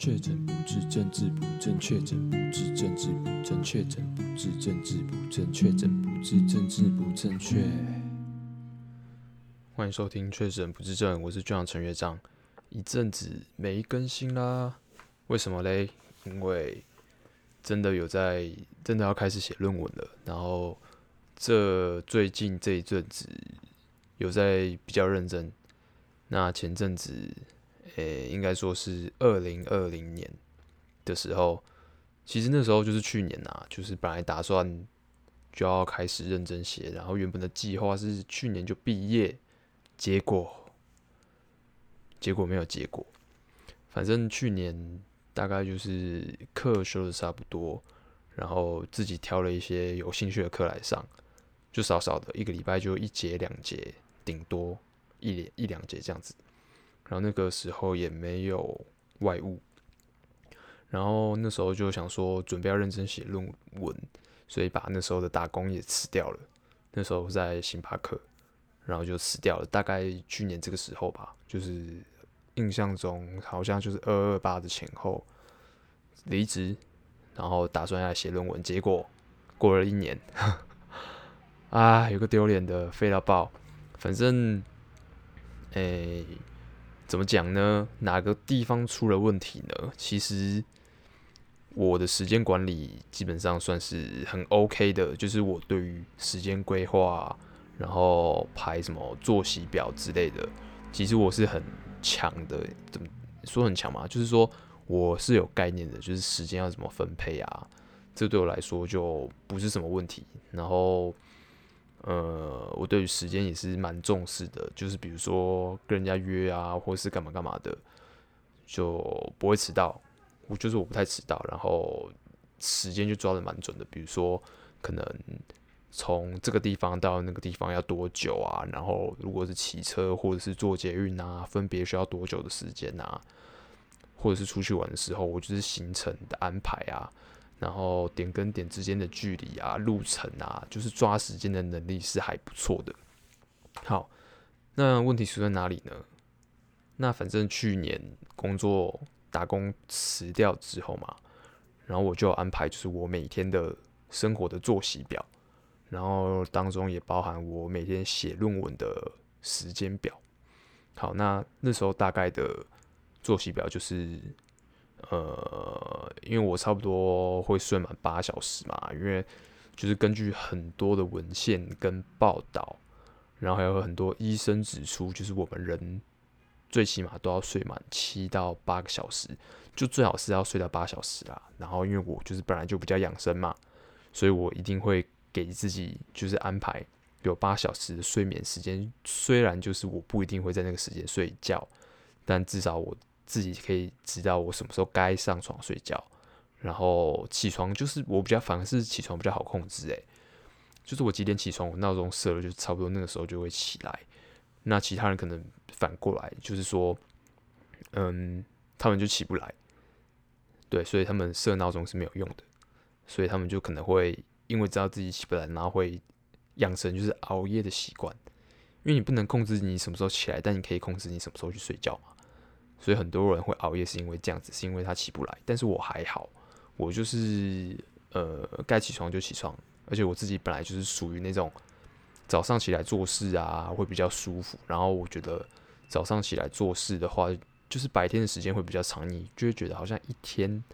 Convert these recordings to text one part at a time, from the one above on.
確診不治症，政治不正確；確診不治症，政治不正確；確診不治症，政治不正確；確診不治症，政治不正確。確知正確，歡迎收聽確診不治症，我是俊陽陳樂章。一陣子沒更新啦，為什麼嘞？因為真的有在，真的要開始寫論文了。然後這最近這一陣子有在比較認真。那前陣子。呃、欸，應該說是二零二零年的時候，其實那時候就是去年吶、啊，就是本來打算就要開始認真寫，然後原本的計劃是去年就畢業，結果結果沒有結果。反正去年大概就是課修的差不多，然後自己挑了一些有興趣的課來上，就少少的一個禮拜就一節兩節，頂多一兩一兩節這樣子。然後那個時候也沒有外務，然後那時候就想說準備要認真寫論文，所以把那時候的打工也辭掉了。那時候在星巴克，然後就辭掉了。大概去年這個時候吧，就是印象中好像就是二二八的前後離職，然後打算要寫論文，結果過了一年，啊、哎，有個丟臉的廢到爆，反正，哎。怎麼講呢？哪個地方出了問題呢？其實我的時間管理基本上算是很 OK 的，就是我對於時間規劃，然後排什麼作息表之類的，其實我是很強的，怎麼說很強嘛？就是說我是有概念的，就是時間要怎麼分配啊，這對我來說就不是什麼問題。然後呃、嗯，我對於時間也是蠻重視的，就是比如說跟人家約啊，或是幹嘛幹嘛的，就不會遲到。我就是我不太遲到，然後時間就抓得蠻準的。比如說，可能從這個地方到那個地方要多久啊？然後如果是騎車或者是坐捷運啊，分別需要多久的時間啊？或者是出去玩的時候，我就是行程的安排啊。然後點跟點之間的距離啊，路程啊，就是抓時間的能力是還不錯的。好，那問題出在哪裡呢？那反正去年工作打工辭掉之後嘛，然後我就安排就是我每天的生活的作息表，然後當中也包含我每天寫論文的時間表。好，那那時候大概的作息表就是。呃，因為我差不多會睡滿八小時嘛，因為就是根據很多的文獻跟報道，然後還有很多醫生指出，就是我們人最起碼都要睡滿七到八個小時，就最好是要睡到八小時啦。然後因為我就是本來就比較養生嘛，所以我一定會給自己就是安排有八小時的睡眠時間，雖然就是我不一定會在那個時間睡覺，但至少我。自己可以知道我什麼時候該上床睡覺，然後起床就是我比較反而是起床比較好控制。誒。就是我幾點起床，我鬧鐘設了就差不多那個時候就會起來。那其他人可能反過來就是說，嗯，他們就起不來，對，所以他們設鬧鐘是沒有用的。所以他們就可能會因為知道自己起不來，然後會養成就是熬夜的習慣。因為你不能控制你什麼時候起來，但你可以控制你什麼時候去睡覺嘛。所以很多人會熬夜，是因為這樣子，是因為他起不來。但是我還好，我就是呃，該起床就起床，而且我自己本來就是屬於那種早上起來做事啊，會比較舒服。然後我覺得早上起來做事的話，就是白天的時間會比較長，你就會覺得好像一天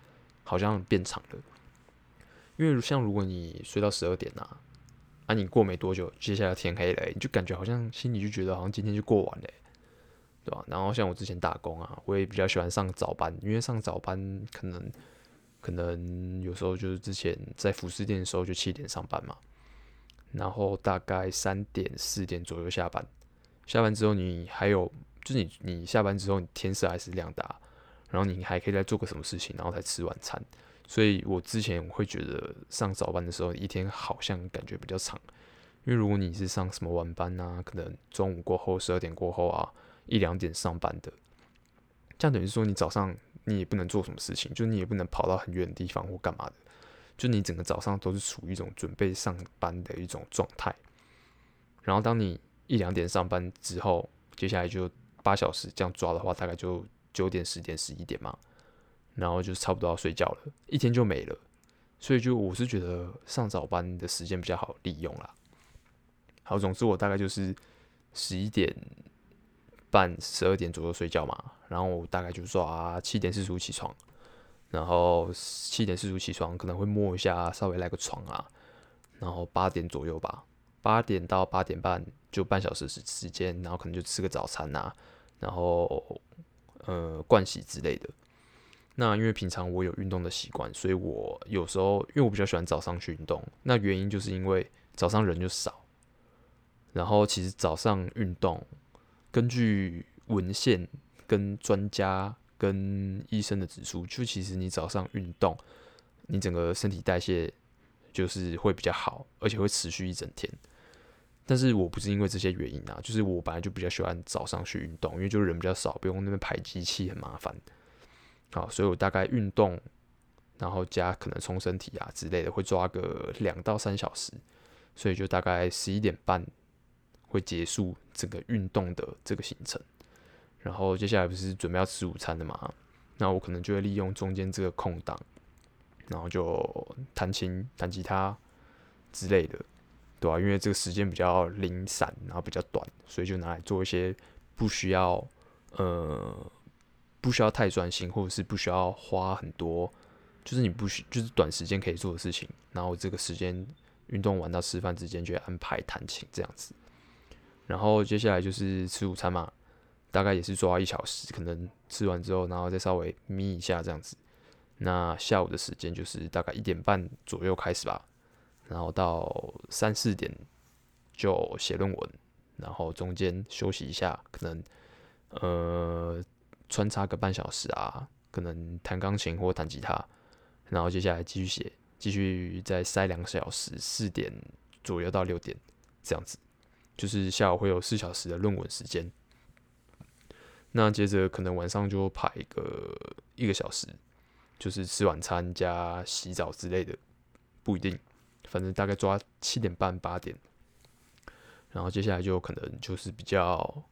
好像變長了。因為像如果你睡到十二點啊，啊，你過沒多久，接下來天黑了，欸，你就感覺好像心裡就覺得好像今天就過完了，欸。對吧？然後像我之前打工啊，我也比較喜歡上早班，因為上早班可能可能有時候就是之前在服飾店的時候，就七點上班嘛，然後大概三點四點左右下班。下班之後你還有，就是你你下班之後，天色還是亮的，然後你還可以再做個什麼事情，然後再吃晚餐。所以我之前會覺得上早班的時候，一天好像感覺比較長，因為如果你是上什麼晚班啊，可能中午過後十二點過後啊。一兩點上班的，這樣等於說你早上你也不能做什麼事情，就你也不能跑到很遠的地方或幹嘛的，就你整個早上都是處於一種準備上班的一種狀態。然後當你一兩點上班之後，接下來就八小時這樣抓的話，大概就九點、十點、十一點嘛，然後就差不多要睡覺了，一天就沒了。所以就我是覺得上早班的時間比較好利用啦。好，總之我大概就是十一點半十二點左右睡覺嘛，然後我大概就說啊，七點四十五起床，然後七點四十五起床可能會摸一下，稍微賴個床啊，然後八點左右吧，八點到八點半就半小時時間，然後可能就吃個早餐啊，然後呃盥洗，之類的。那因為平常我有運動的習慣，所以我有時候因為我比較喜歡早上去運動，那原因就是因為早上人就少，然後其實早上運動。根據文獻、跟專家、跟醫生的指出，就其實你早上運動，你整個身體代謝就是會比較好，而且會持續一整天。但是我不是因為這些原因啊，就是我本來就比較喜歡早上去運動，因為就人比較少，不用那邊排機器很麻煩。好，所以我大概運動，然後加可能沖身體啊之類的，會抓個兩到三小時，所以就大概十一點半，會結束整個運動的這個行程，然後接下來不是準備要吃午餐的嘛？那我可能就會利用中間這個空檔，然後就彈琴、彈吉他之類的，對吧、啊？因為這個時間比較零散，然後比較短，所以就拿來做一些不需要呃不需要太專心，或者是不需要花很多，就是你不需就是短時間可以做的事情。然後這個時間運動完到吃飯之間，就會安排彈琴這樣子。然後接下來就是吃午餐嘛，大概也是抓一小時，可能吃完之後，然後再稍微眯一下這樣子。那下午的時間就是大概一點半左右開始吧，然後到三四點就寫論文，然後中間休息一下，可能呃穿插個半小時啊，可能彈鋼琴或彈吉他，然後接下來繼續寫，繼續再塞兩小時，四點左右到六點這樣子。就是下午會有四小時的論文時間，那接着可能晚上就排一個一個小時，就是吃晚餐加洗澡之類的，不一定，反正大概抓七點半、八點，然後接下來就可能就是比較，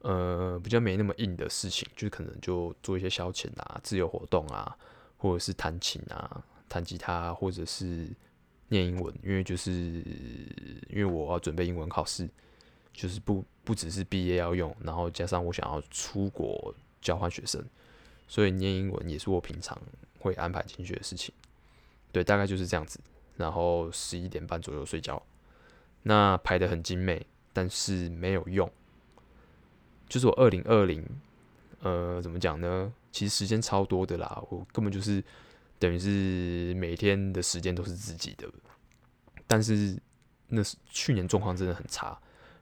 呃，比較沒那麼硬的事情，就是、可能就做一些消遣啊、自由活動啊，或者是彈琴啊、彈吉他，或者是，念英文，因為就是因為我要準備英文考試，就是不不只是畢業要用，然後加上我想要出國交換學生，所以念英文也是我平常會安排進去的事情。對，大概就是這樣子。然後十一點半左右睡覺，那排得很精美，但是沒有用。就是我二零二零，呃，怎麼講呢？其實時間超多的啦，我根本就是。等於是每天的時間都是自己的，但是那是去年狀況真的很差，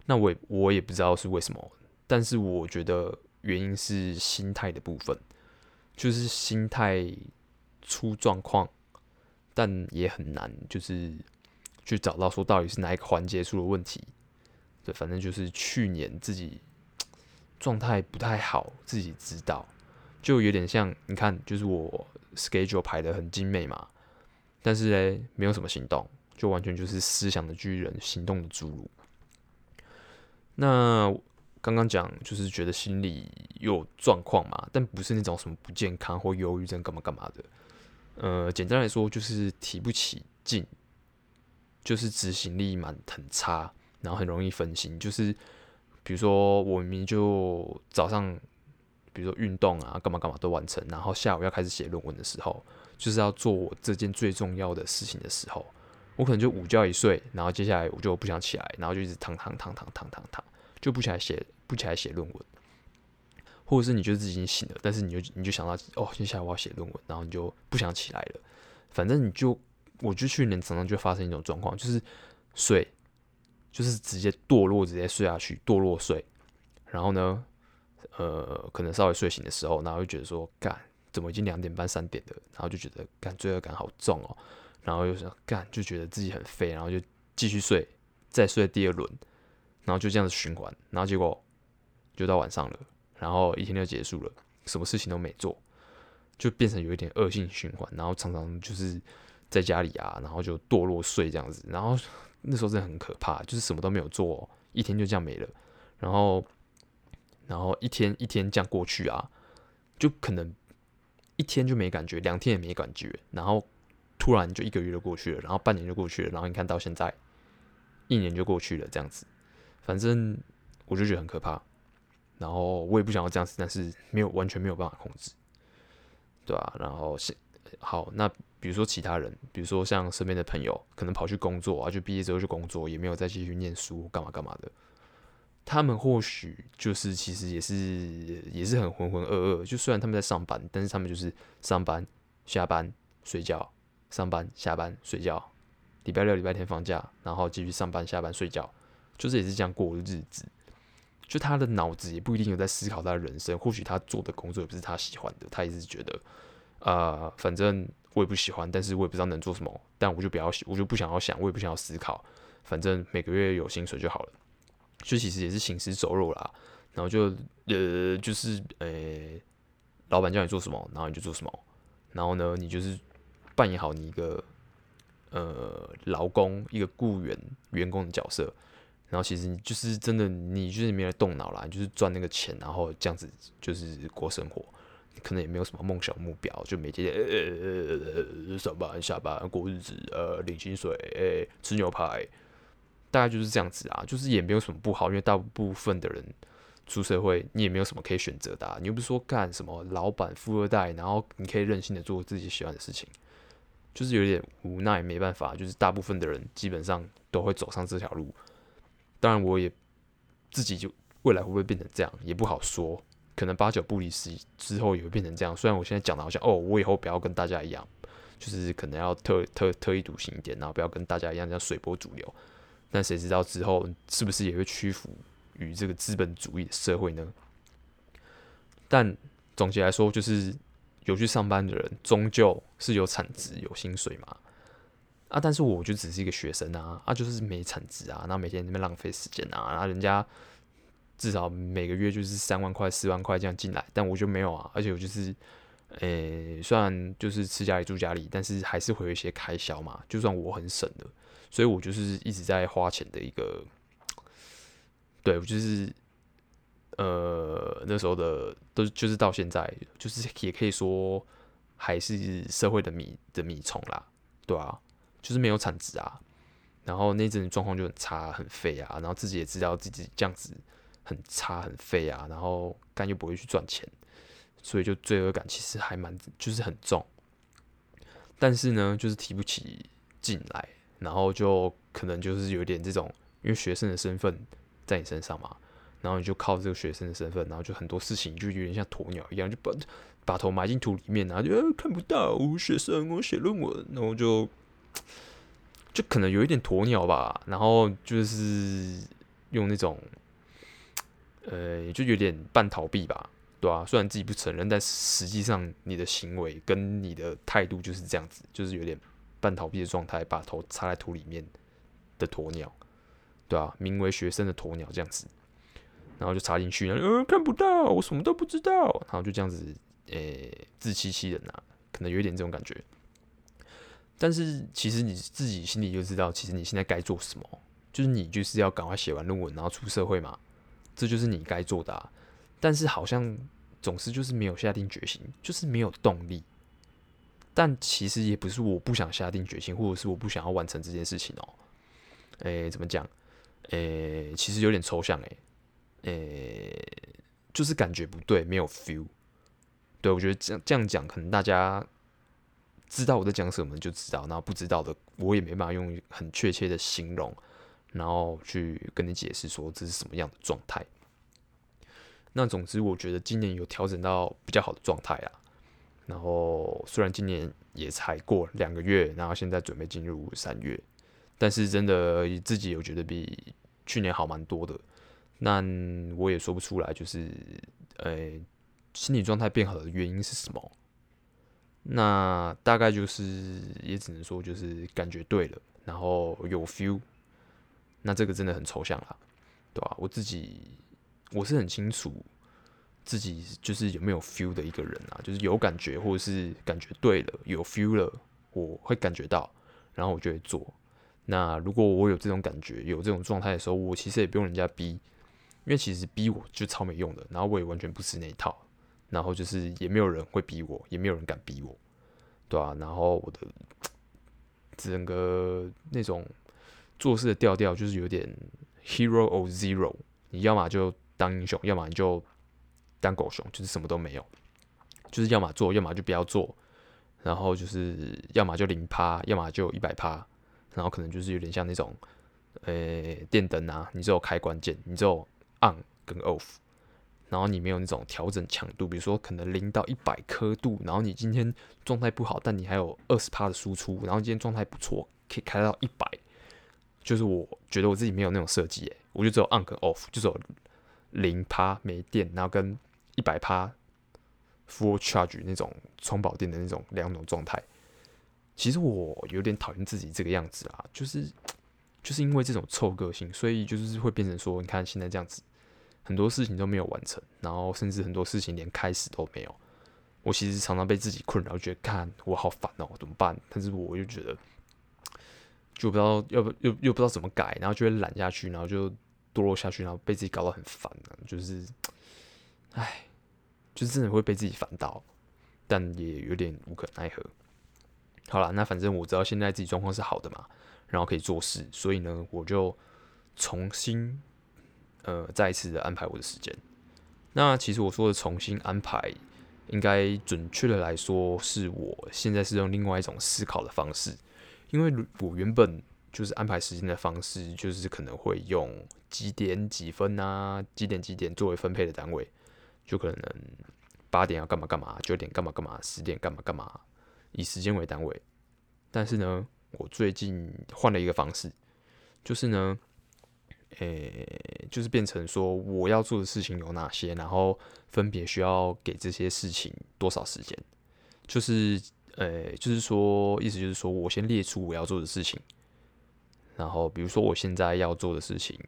那我也我也不知道是為什麼，但是我覺得原因是心態的部分，就是心態出狀況，但也很難，就是去找到說到底是哪一個環節出了問題。對，反正就是去年自己狀態不太好，自己知道，就有點像你看，就是我。schedule 排得很精美嘛，但是嘞，沒有什麼行動，就完全就是思想的巨人，行動的侏儒。那剛剛講就是覺得心裡有狀況嘛，但不是那種什麼不健康或憂鬱症幹嘛幹嘛的。呃，簡單來說就是提不起勁，就是執行力蠻很差，然後很容易分心。就是比如說，我明明就早上。比如說運動啊，幹嘛幹嘛都完成，然後下午要開始寫論文的時候，就是要做我這件最重要的事情的時候，我可能就午覺一睡，然後接下來我就不想起來，然後就一直躺躺躺躺躺躺躺躺，就不起來寫，不起來寫論文，或者是你覺得自己已經醒了，但是你就你就想到哦，接下來我要寫論文，然後你就不想起來了，反正你就，我就去年常常就發生一種狀況，就是睡，就是直接墮落，直接睡下去，墮落睡，然後呢？呃，可能稍微睡醒的時候，然後就覺得說，幹怎麼已經兩點半三點了？然後就覺得幹罪惡感好重哦，然後又想幹，就覺得自己很廢，然後就繼續睡，再睡第二輪，然後就這樣子循環，然後結果就到晚上了，然後一天就結束了，什麼事情都沒做，就變成有一點惡性循環，然後常常就是在家裡啊，然後就墮落睡這樣子，然後那時候真的很可怕，就是什麼都沒有做哦，一天就這樣沒了，然後。然後一天一天這樣過去啊，就可能一天就沒感覺，兩天也沒感覺，然後突然就一個月就過去了，然後半年就過去了，然後你看到現在一年就過去了，這樣子，反正我就覺得很可怕。然後我也不想要這樣子，但是沒有，完全沒有辦法控制，對啊，然後好，那比如說其他人，比如說像身邊的朋友，可能跑去工作啊，就畢業之後去工作，也沒有再繼續念書，幹嘛幹嘛的。他們或許就是其實也是也是很渾渾噩噩，就雖然他們在上班，但是他們就是上班、下班、睡覺、上班、下班、睡覺。禮拜六、禮拜天放假，然後繼續上班、下班、睡覺，就是也是這樣過我的日子。就他的腦子也不一定有在思考他的人生，或許他做的工作也不是他喜歡的，他一直覺得，啊、呃，反正我也不喜歡，但是我也不知道能做什麼，但我就不要，我就不想要想，我也不想要思考，反正每個月有薪水就好了。就其實也是行屍走肉啦，然後就呃，就是呃、欸，老闆叫你做什麼，然後你就做什麼，然後呢，你就是扮演好你一個呃勞工、一個雇員、員工的角色，然後其實你就是真的，你就是沒有動腦啦，你就是賺那個錢，然後這樣子就是過生活，你可能也沒有什麼夢想目標，就每天呃上班下班過日子，呃領薪水，呃、欸、吃牛排。大概就是這樣子啊，就是也沒有什麼不好，因為大部分的人出社會，你也沒有什麼可以選擇的啊，你又不是說幹什麼老闆富二代，然後你可以任性的做自己喜歡的事情，就是有點無奈，沒辦法，就是大部分的人基本上都會走上這條路。當然，我也自己就未來會不會變成這樣也不好說，可能八九不離十，之後也會變成這樣。雖然我現在講的好像哦，我以後不要跟大家一樣，就是可能要特特特立獨行一點，然後不要跟大家一樣這樣隨波逐流。但誰知道之後是不是也會屈服於這個資本主義的社會呢？但總結來說，就是有去上班的人終究是有產值、有薪水嘛。啊，但是我就只是一個學生啊，啊，就是沒產值啊，那每天那邊浪費時間啊，然後人家至少每個月就是三萬塊、四萬塊這樣進來，但我就沒有啊，而且我就是，呃、欸，雖然就是吃家裡住家裡，但是還是會有一些開銷嘛，就算我很省的。所以我就是一直在花錢的一個對，對我就是，呃，那時候的都就是到現在，就是也可以說還是社會的米的米蟲啦，對啊，就是沒有產值啊，然後那陣狀況就很差很廢啊，然後自己也知道自己這樣子很差很廢啊，然後幹又不會去賺錢，所以就罪惡感其實還蠻就是很重，但是呢，就是提不起勁來。然後就可能就是有點這種，因為學生的身份在你身上嘛，然後你就靠這個學生的身份，然後就很多事情就有點像鴕鳥一樣，就把把頭埋進土裡面，然後就、啊、看不到。學生我寫論文，然後就就可能有一點鴕鳥吧，然後就是用那種，呃，就有點半逃避吧，對吧、啊？雖然自己不承認，但實際上你的行為跟你的態度就是這樣子，就是有點。半逃避的狀態，把頭插在土裡面的鴕鳥，對啊，名為學生的鴕鳥這樣子，然後就插進去然後，嗯，看不到，我什麼都不知道，然後就這樣子，呃、欸，自欺欺人啊，可能有一點這種感覺。但是其實你自己心裡就知道，其實你現在該做什麼，就是你就是要趕快寫完論文，然後出社會嘛，這就是你該做的、啊。但是好像總是就是沒有下定決心，就是沒有動力。但其實也不是我不想下定決心，或者是我不想要完成這件事情哦。誒、欸，怎麼講？誒、欸，其實有點抽象誒。誒、欸，就是感覺不對，沒有 feel。對，我覺得這這樣講，可能大家知道我在講什麼，就知道；那不知道的，我也沒辦法用很確切的形容，然後去跟你解釋說這是什麼樣的狀態。那總之，我覺得今年有調整到比較好的狀態啊。然後雖然今年也才過兩個月，然後現在準備進入三月，但是真的自己有覺得比去年好蠻多的。那我也說不出來，就是呃、哎，心理狀態變好的原因是什麼？那大概就是，也只能說就是感覺對了，然後有 feel。那這個真的很抽象了，對吧、啊？我自己我是很清楚。自己就是有沒有 feel 的一個人啊，就是有感覺或者是感覺對了，有 feel 了，我會感覺到，然後我就會做。那如果我有這種感覺、有這種狀態的時候，我其實也不用人家逼，因為其實逼我就超沒用的。然後我也完全不吃那一套，然後就是也沒有人會逼我，也沒有人敢逼我，對啊，然後我的整個那種做事的調調就是有點 hero or zero，你要麽就當英雄，要麽你就。當狗熊就是什麼都沒有，就是要麼做，要麼就不要做，然後就是要麼就零趴，要麼就一百趴，然後可能就是有點像那種，呃、欸，電燈啊，你只有開關鍵，你只有 on 跟 off，然後你沒有那種調整強度，比如說可能零到一百刻度，然後你今天狀態不好，但你還有二十趴的輸出，然後今天狀態不錯，可以開到一百，就是我覺得我自己沒有那種設計、欸，哎，我就只有 on 跟 off，就只有零趴沒電，然後跟一百趴 full charge 那種充電寶店的那種兩種狀態，其實我有點討厭自己這個樣子啊，就是就是因為這種臭個性，所以就是會變成說，你看現在這樣子，很多事情都沒有完成，然後甚至很多事情連開始都沒有。我其實常常被自己困擾，然後覺得看我好煩哦、喔，怎麼辦？但是我又覺得，就不知道要不又又，又不知道怎麼改，然後就會懶下去，然後就墮落，落下去，然後被自己搞得很煩就是。唉，就是、真的會被自己煩到，但也有點無可奈何。好了，那反正我知道現在自己狀況是好的嘛，然後可以做事，所以呢，我就重新呃再一次的安排我的時間。那其實我說的重新安排，應該準確的來說是我現在是用另外一種思考的方式，因為我原本就是安排時間的方式就是可能會用幾點幾分啊，幾點幾點作為分配的單位。就可能八點要幹嘛幹嘛，九點幹嘛幹嘛，十點幹嘛幹嘛，以時間為單位。但是呢，我最近換了一個方式，就是呢，呃、欸，就是變成說我要做的事情有哪些，然後分別需要給這些事情多少時間。就是呃、欸，就是說，意思就是說我先列出我要做的事情，然後比如說我現在要做的事情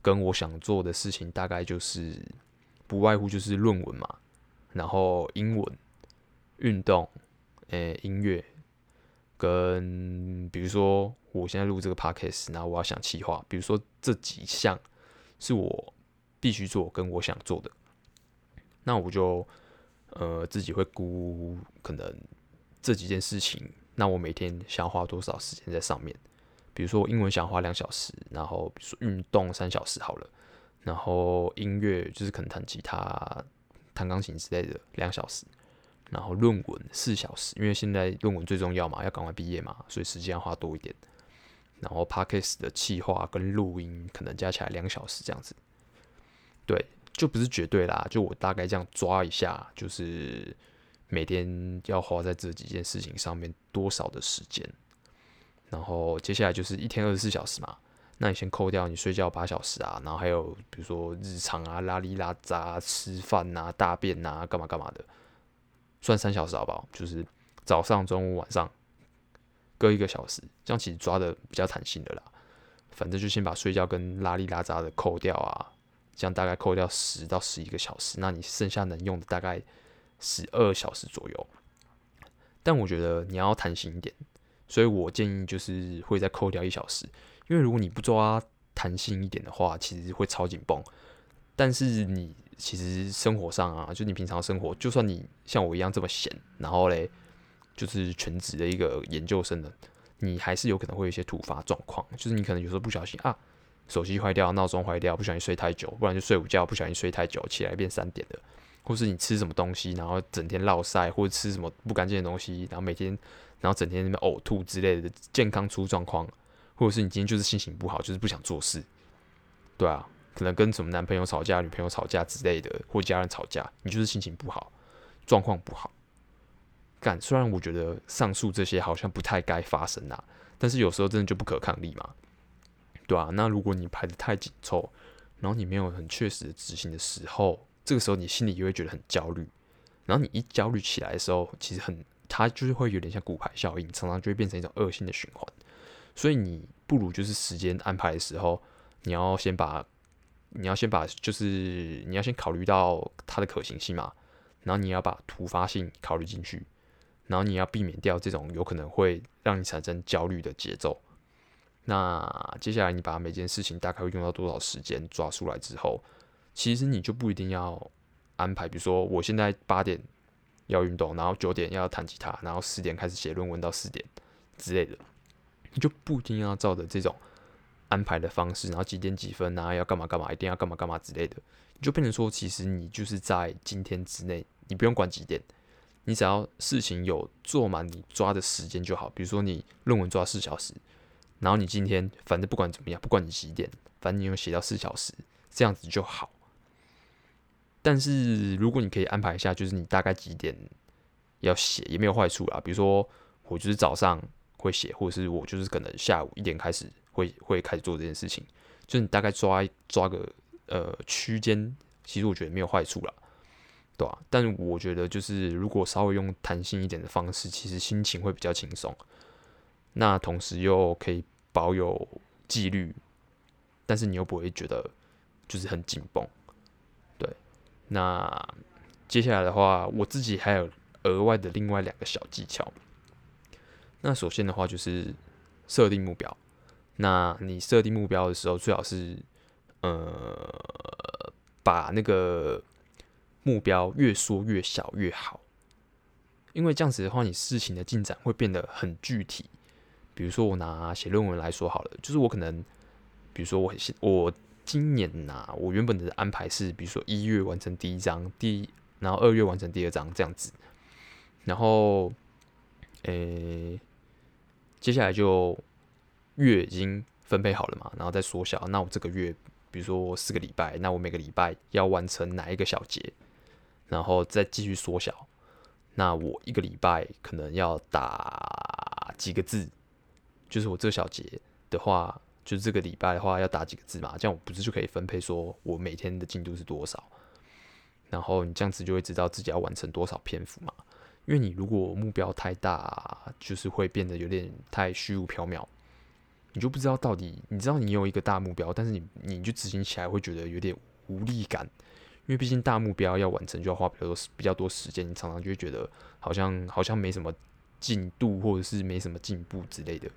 跟我想做的事情大概就是。不外乎就是論文嘛，然後英文、運動、呃、欸、音樂，跟比如說我現在錄這個 podcast，然後我要想企劃，比如說這幾項是我必須做跟我想做的，那我就呃自己會估可能這幾件事情，那我每天想花多少時間在上面，比如說我英文想花兩小時，然後比如說運動三小時好了。然後音樂就是可能彈吉他、彈鋼琴之類的兩小時，然後論文四小時，因為現在論文最重要嘛，要趕快畢業嘛，所以時間要花多一點。然後 Podcast 的企劃跟錄音可能加起來兩小時這樣子，對，就不是絕對啦，就我大概這樣抓一下，就是每天要花在這幾件事情上面多少的時間。然後接下來就是一天二十四小時嘛。那你先扣掉你睡覺八小時啊，然後還有比如說日常啊、拉哩拉雜、吃飯吶、啊、大便吶、啊、幹嘛幹嘛的，算三小時好不好？就是早上、中午、晚上各一個小時，這樣其實抓的比較彈性的啦。反正就先把睡覺跟拉哩拉雜的扣掉啊，這樣大概扣掉十到十一個小時，那你剩下能用的大概十二小時左右。但我覺得你要彈性一點，所以我建議就是會再扣掉一小時。因為如果你不抓彈性一點的話，其實會超緊繃。但是你其實生活上啊，就你平常生活，就算你像我一樣這麼閒，然後嘞，就是全職的一個研究生的，你還是有可能會有一些突發狀況。就是你可能有時候不小心啊，手機壞掉、鬧鐘壞掉，不小心睡太久，不然就睡午覺不小心睡太久，起來變三點了，或是你吃什麼東西，然後整天落晒，或者吃什麼不乾淨的東西，然後每天，然後整天那邊嘔吐之類的，健康出狀況。或者是你今天就是心情不好，就是不想做事，對啊，可能跟什麼男朋友吵架，女朋友吵架之類的，或家人吵架，你就是心情不好，狀況不好。幹，雖然我覺得上述這些好像不太該發生啦，啊，但是有時候真的就不可抗力嘛，對啊，那如果你排得太緊湊，然後你沒有很確實的執行的時候，這個時候你心裡也會覺得很焦慮，然後你一焦慮起來的時候，其實很，它就是會有點像骨牌效應，常常就會變成一種惡性的循環。所以你不如就是時間安排的時候，你要先把你要先把就是你要先考慮到它的可行性嘛，然後你要把突發性考慮進去，然後你要避免掉這種有可能會讓你產生焦慮的節奏。那接下來你把每件事情大概會用到多少時間抓出來之後，其實你就不一定要安排，比如說我現在八點要運動，然後九點要彈吉他，然後十點開始寫論文到四點之類的。你就不一定要照著這種安排的方式，然後幾點幾分啊，要幹嘛幹嘛，一定要幹嘛幹嘛之類的，你就變成說，其實你就是在今天之內，你不用管幾點，你只要事情有做滿你抓的時間就好。比如說你論文抓四小時，然後你今天反正不管怎麼樣，不管你幾點，反正你有寫到四小時，這樣子就好。但是如果你可以安排一下，就是你大概幾點要寫，也沒有壞處啦。比如說我就是早上。會寫，或者是我就是可能下午一點開始會會開始做這件事情，就你大概抓抓個呃區間，其實我覺得沒有壞處啦，對吧？但我覺得就是如果稍微用彈性一點的方式，其實心情會比較輕鬆，那同時又可以保有紀律，但是你又不會覺得就是很緊繃，對。那接下來的話，我自己還有額外的另外兩個小技巧。那首先的話就是設定目標。那你設定目標的時候，最好是呃把那個目標越說越小越好，因為這樣子的話，你事情的進展會變得很具體。比如說，我拿寫論文來說好了，就是我可能，比如說我寫我今年吶、啊，我原本的安排是，比如說一月完成第一章，第然後二月完成第二章這樣子，然後，誒。接下來就月已經分配好了嘛，然後再縮小。那我這個月，比如說四個禮拜，那我每個禮拜要完成哪一個小節，然後再繼續縮小。那我一個禮拜可能要打幾個字，就是我這小節的話，就這個禮拜的話要打幾個字嘛。這樣我不是就可以分配說我每天的進度是多少。然後你這樣子就會知道自己要完成多少篇幅嘛。因為你如果目標太大，就是會變得有點太虛無縹緲，你就不知道到底，你知道你有一個大目標，但是你，你就執行起來會覺得有點無力感，因為畢竟大目標要完成就要花比較多時比較多時間，你常常就會覺得好像好像沒什麼進度或者是沒什麼進步之類的，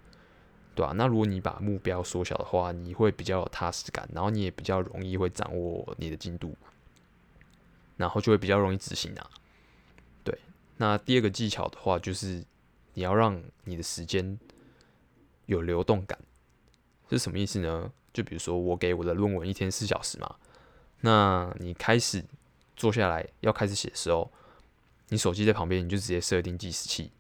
對吧、啊？那如果你把目標縮小的話，你會比較有踏實感，然後你也比較容易會掌握你的進度，然後就會比較容易執行啊。那第二個技巧的話，就是你要讓你的時間有流動感，是什麼意思呢？就比如說我給我的論文一天四小時嘛，那你開始坐下來要開始寫的時候，你手機在旁邊，你就直接設定計時器，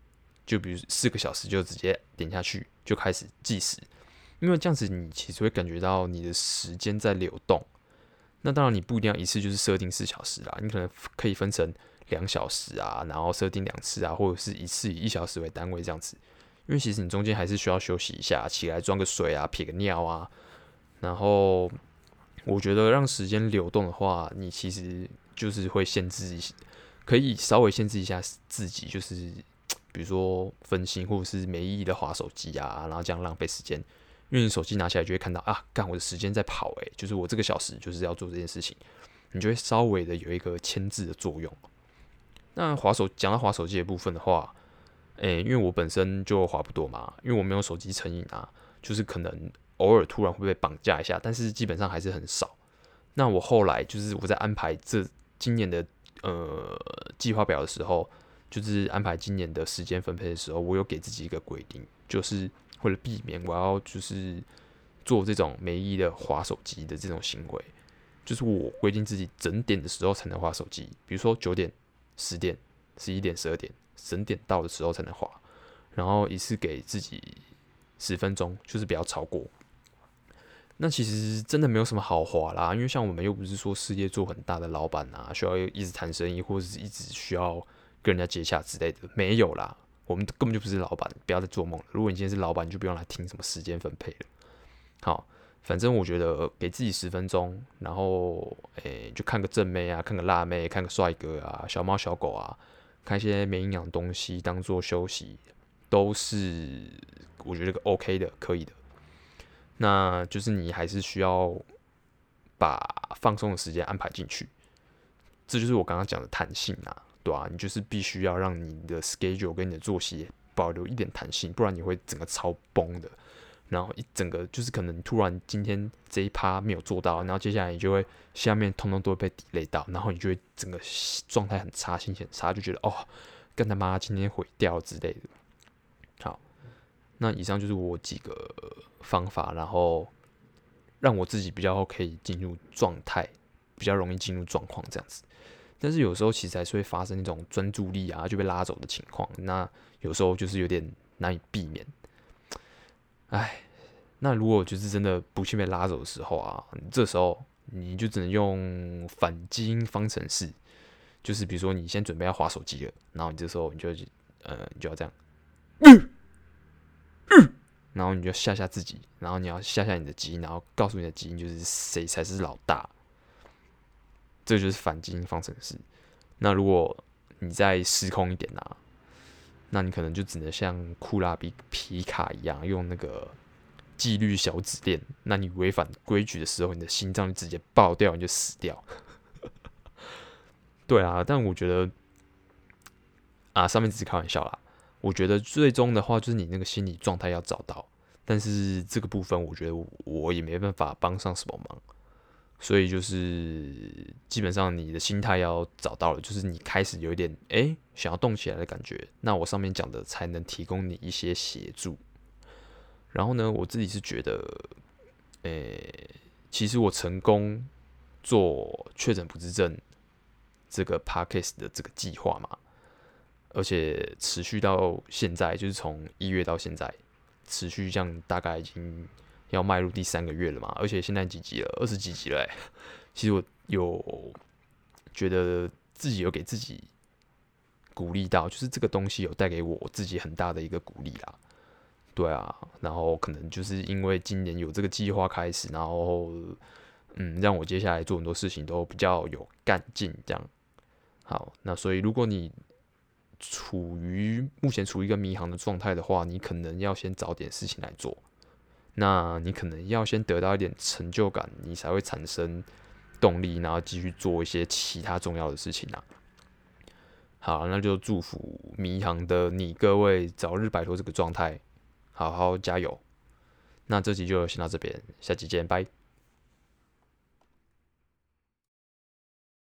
就比如四個小時就直接點下去就開始計時，因為這樣子你其實會感覺到你的時間在流動。那當然你不一定要一次就是設定四小時啦，你可能可以分成。兩小時啊，然後設定兩次啊，或者是一次以一小時為單位這樣子，因為其實你中間還是需要休息一下，起來裝個水啊，撇個尿啊，然後我覺得讓時間流動的話，你其實就是會限制一些，可以稍微限制一下自己，就是比如說分心或者是沒意義的劃手機啊，然後這樣浪費時間，因為你手機拿起來就會看到啊，幹我的時間在跑、欸，誒。就是我這個小時就是要做這件事情，你就會稍微的有一個牽制的作用。那滑手，講到滑手機的部分的話，誒、欸，因為我本身就滑不多嘛，因為我沒有手機成癮啊，就是可能偶爾突然會被綁架一下，但是基本上還是很少。那我後來就是我在安排這今年的呃計劃表的時候，就是安排今年的時間分配的時候，我有給自己一個規定，就是為了避免我要就是做這種沒意義的滑手機的這種行為，就是我規定自己整點的時候才能滑手機，比如說九點。十點、十一點、十二點整點到的時候才能滑，然後一次給自己十分鐘，就是不要超過。那其實真的沒有什麼好滑啦，因為像我們又不是說事業做很大的老闆啊，需要一直談生意或者是一直需要跟人家接洽之類的，沒有啦，我們根本就不是老闆，不要再做夢了。如果你今天是老闆，你就不用來聽什麼時間分配了。好。反正我覺得給自己十分鐘，然後誒、欸，就看個正妹啊，看個辣妹，看個帥哥啊，小貓小狗啊，看一些沒營養的東西當做休息，都是我覺得 OK 的，可以的。那就是你還是需要把放鬆的時間安排進去，這就是我剛剛講的彈性啊，對啊，你就是必須要讓你的 schedule 跟你的作息保留一點彈性，不然你會整個超崩的。然後一整個就是可能突然今天這一趴沒有做到，然後接下來你就會下面通通都會被 delay 到，然後你就會整個狀態很差，心情很差，就覺得哦，幹他媽今天毀掉之類的。好，那以上就是我幾個方法，然後讓我自己比較可以進入狀態，比較容易進入狀況這樣子。但是有時候其實還是會發生那種專注力啊就被拉走的情況，那有時候就是有點難以避免。哎，那如果就是真的不幸被拉走的時候啊，這時候你就只能用反基因方程式，就是比如說你先準備要滑手機了，然後你這時候你就呃，你就要這樣，嗯嗯，嗯，然後你就嚇嚇自己，然後你要嚇嚇你的基因，然後告訴你的基因就是誰才是老大，這個就是反基因方程式。那如果你再失控一點啊。那你可能就只能像酷拉比皮、皮卡一樣，用那個紀律小指鏈。那你違反規矩的時候，你的心臟就直接爆掉，你就死掉。 對啊，但我覺得，啊，上面只是開玩笑啦。我覺得最終的話，就是你那個心理狀態要找到。但是這個部分，我覺得我也沒辦法幫上什麼忙。所以就是基本上你的心態要找到了，就是你開始有一點哎、欸、想要動起來的感覺，那我上面講的才能提供你一些協助。然後呢，我自己是覺得，誒、欸，其實我成功做確診不治症這個 Podcast 的這個計劃嘛，而且持續到現在，就是從一月到現在，持續這樣大概已經。要邁入第三個月了嘛，而且現在幾集了，二十幾集了欸，其實我有覺得自己有給自己鼓勵到，就是這個東西有帶給我自己很大的一個鼓勵啦。對啊，然後可能就是因為今年有這個計劃開始，然後嗯，讓我接下來做很多事情都比較有幹勁，這樣。好，那所以如果你處於目前處於一個迷航的狀態的話，你可能要先找點事情來做。那你可能要先得到一點成就感，你才會產生動力，然後繼續做一些其他重要的事情啊。好，那就祝福迷航的你各位早日擺脫這個狀態，好好加油。那這集就先到這邊，下集見，拜。